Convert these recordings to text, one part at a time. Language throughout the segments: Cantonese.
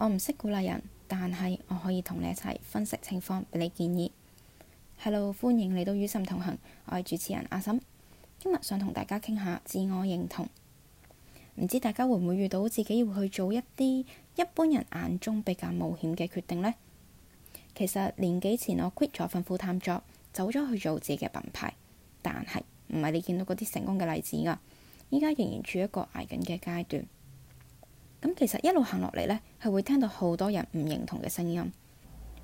我唔識鼓勵人，但係我可以同你一齊分析情況，俾你建議。Hello，歡迎嚟到與岑同行，我係主持人阿岑。今日想同大家傾下自我認同，唔知大家會唔會遇到自己要去做一啲一般人眼中比較冒險嘅決定呢？其實年幾前我 quit 咗份副探作，走咗去做自己嘅品牌，但係唔係你見到嗰啲成功嘅例子噶，依家仍然處於一個挨緊嘅階段。咁其實一路行落嚟呢，係會聽到好多人唔認同嘅聲音，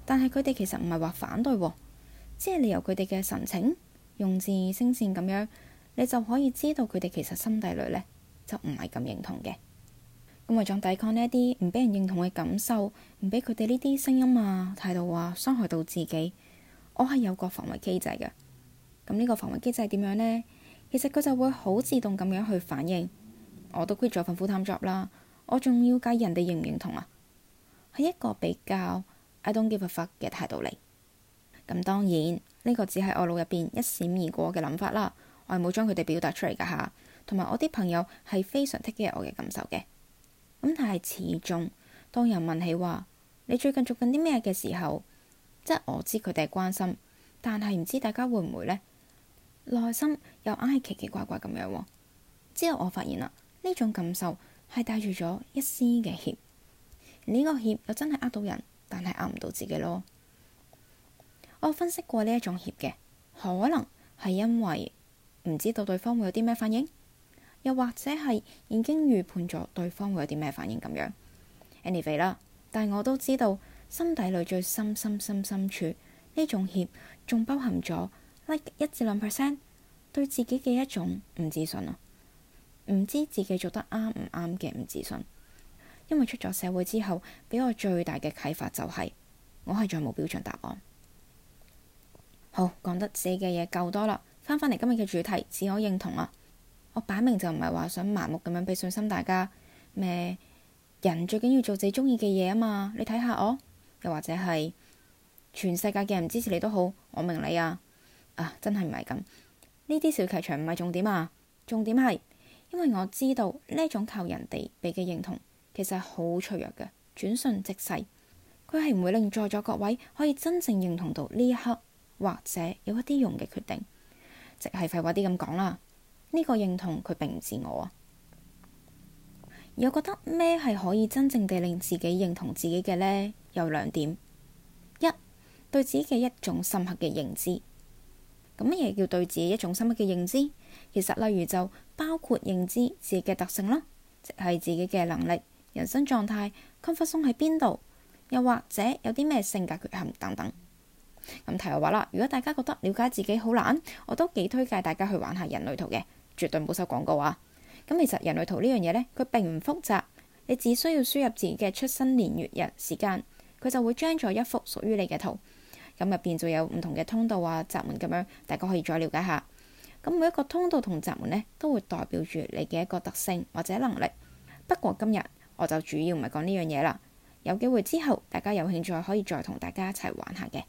但係佢哋其實唔係話反對，即係你由佢哋嘅神情、用字、聲線咁樣，你就可以知道佢哋其實心底裏呢，就唔係咁認同嘅。咁為咗抵抗呢一啲唔俾人認同嘅感受，唔俾佢哋呢啲聲音啊、態度啊傷害到自己，我係有個防衛機制嘅。咁呢個防衛機制係點樣呢？其實佢就會好自動咁樣去反應。我都 quit 咗份苦探 job 啦。我仲要計人哋認唔認同啊，係一個比較 I don't give a fuck 嘅態度嚟。咁當然呢個只係我腦入邊一閃而過嘅諗法啦，我係冇將佢哋表達出嚟噶吓。同埋我啲朋友係非常 take care 我嘅感受嘅。咁但係始終，當人問起話你最近做緊啲咩嘅時候，即係我知佢哋係關心，但係唔知大家會唔會呢？內心又硬係奇奇怪怪咁樣。之後我發現啦，呢種感受。係帶住咗一絲嘅怯，而呢個怯又真係呃到人，但係呃唔到自己咯。我分析過呢一種怯嘅，可能係因為唔知道對方會有啲咩反應，又或者係已經預判咗對方會有啲咩反應咁樣。Anyway 啦，但係我都知道心底裏最深、深、深、深處呢種怯，仲包含咗 like 一至兩 percent 對自己嘅一種唔自信啊。唔知自己做得啱唔啱嘅唔自信，因為出咗社會之後，俾我最大嘅啟發就係，我係再冇標準答案。好，講得自己嘅嘢夠多啦，翻返嚟今日嘅主題，自我認同啊！我擺明就唔係話想盲目咁樣俾信心大家咩？人最緊要做自己中意嘅嘢啊嘛！你睇下我，又或者係全世界嘅人唔支持你都好，我明你啊！啊，真係唔係咁，呢啲小劇場唔係重點啊，重點係。因為我知道呢種靠人哋俾嘅認同，其實係好脆弱嘅，轉瞬即逝。佢係唔會令在座各位可以真正認同到呢一刻，或者有一啲用嘅決定。即係廢話啲咁講啦。呢個認同佢並唔自我啊。又覺得咩係可以真正地令自己認同自己嘅呢？有兩點：一對自己嘅一種深刻嘅認知。咁乜嘢叫對自己一種深刻嘅認知？其實例如就包括認知自己嘅特性啦，即係自己嘅能力、人生狀態、comfort zone 喺邊度，又或者有啲咩性格缺陷等等。咁題外話啦，如果大家覺得了解自己好難，我都幾推介大家去玩下人類圖嘅，絕對冇收廣告啊！咁其實人類圖呢樣嘢呢，佢並唔複雜，你只需要輸入自己嘅出生年月日時間，佢就會將咗一幅屬於你嘅圖。咁入邊就有唔同嘅通道啊、閘門咁樣，大家可以再了解下。咁每一個通道同閘門呢，都會代表住你嘅一個特性或者能力。不過今日我就主要唔係講呢樣嘢啦。有機會之後，大家有興趣可以再同大家一齊玩下嘅。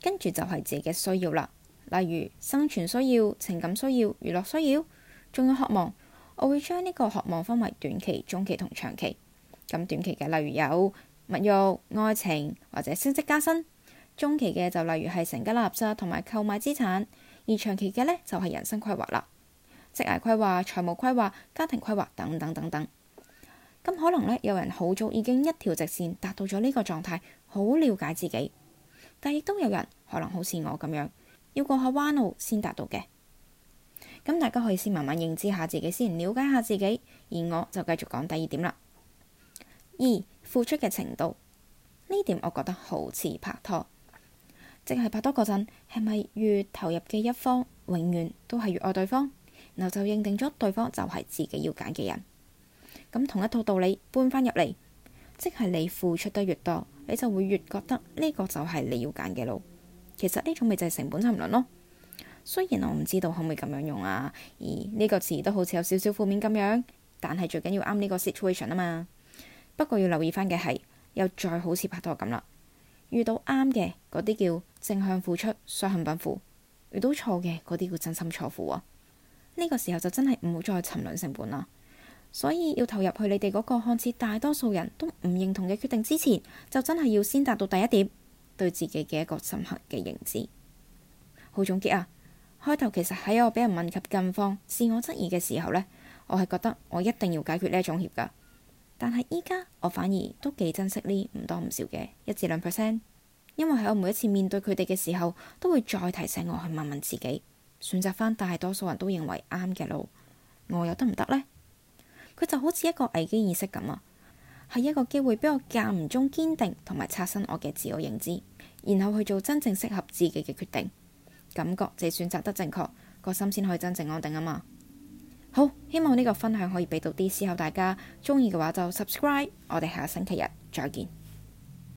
跟住就係自己嘅需要啦，例如生存需要、情感需要、娛樂需要，仲有渴望。我會將呢個渴望分為短期、中期同長期。咁短期嘅，例如有物欲、愛情或者升職加薪。中期嘅就例如係成家立室同埋購買資產，而長期嘅呢就係、是、人生規劃啦，職涯規劃、財務規劃、家庭規劃等等等等。咁、嗯、可能呢，有人好早已經一條直線達到咗呢個狀態，好了解自己，但亦都有人可能好似我咁樣要過下彎路先達到嘅。咁、嗯、大家可以先慢慢認知下自己先，了解下自己，而我就繼續講第二點啦。二，付出嘅程度呢點，我覺得好似拍拖。即係拍拖嗰陣，係咪越投入嘅一方，永遠都係越愛對方，然後就認定咗對方就係自己要揀嘅人？咁同一套道，道理搬翻入嚟，即係你付出得越多，你就會越覺得呢個就係你要揀嘅路。其實呢種咪就係成本沉淪咯。雖然我唔知道可唔可以咁樣用啊，而呢個詞都好似有少少負面咁樣，但係最緊要啱呢個 situation 啊嘛。不過要留意翻嘅係，又再好似拍拖咁啦。遇到啱嘅嗰啲叫正向付出，雙向奔赴；遇到錯嘅嗰啲叫真心錯付，啊。呢、這個時候就真係唔好再沉淪成本啦。所以要投入去你哋嗰個看似大多數人都唔認同嘅決定之前，就真係要先達到第一點，對自己嘅一個深刻嘅認知。好總結啊！開頭其實喺我俾人問及近況、自我質疑嘅時候呢，我係覺得我一定要解決呢一種協噶。但係依家我反而都幾珍惜呢唔多唔少嘅一至兩 percent，因為喺我每一次面對佢哋嘅時候，都會再提醒我去問問自己，選擇翻大多數人都認為啱嘅路，我又得唔得呢？佢就好似一個危機意識咁啊，係一個機會俾我間唔中堅定同埋刷新我嘅自我認知，然後去做真正適合自己嘅決定，感覺自己選擇得正確，個心先可以真正安定啊嘛～好，希望呢個分享可以畀到啲思考，大家鍾意嘅話就 subscribe，我哋下星期日再見。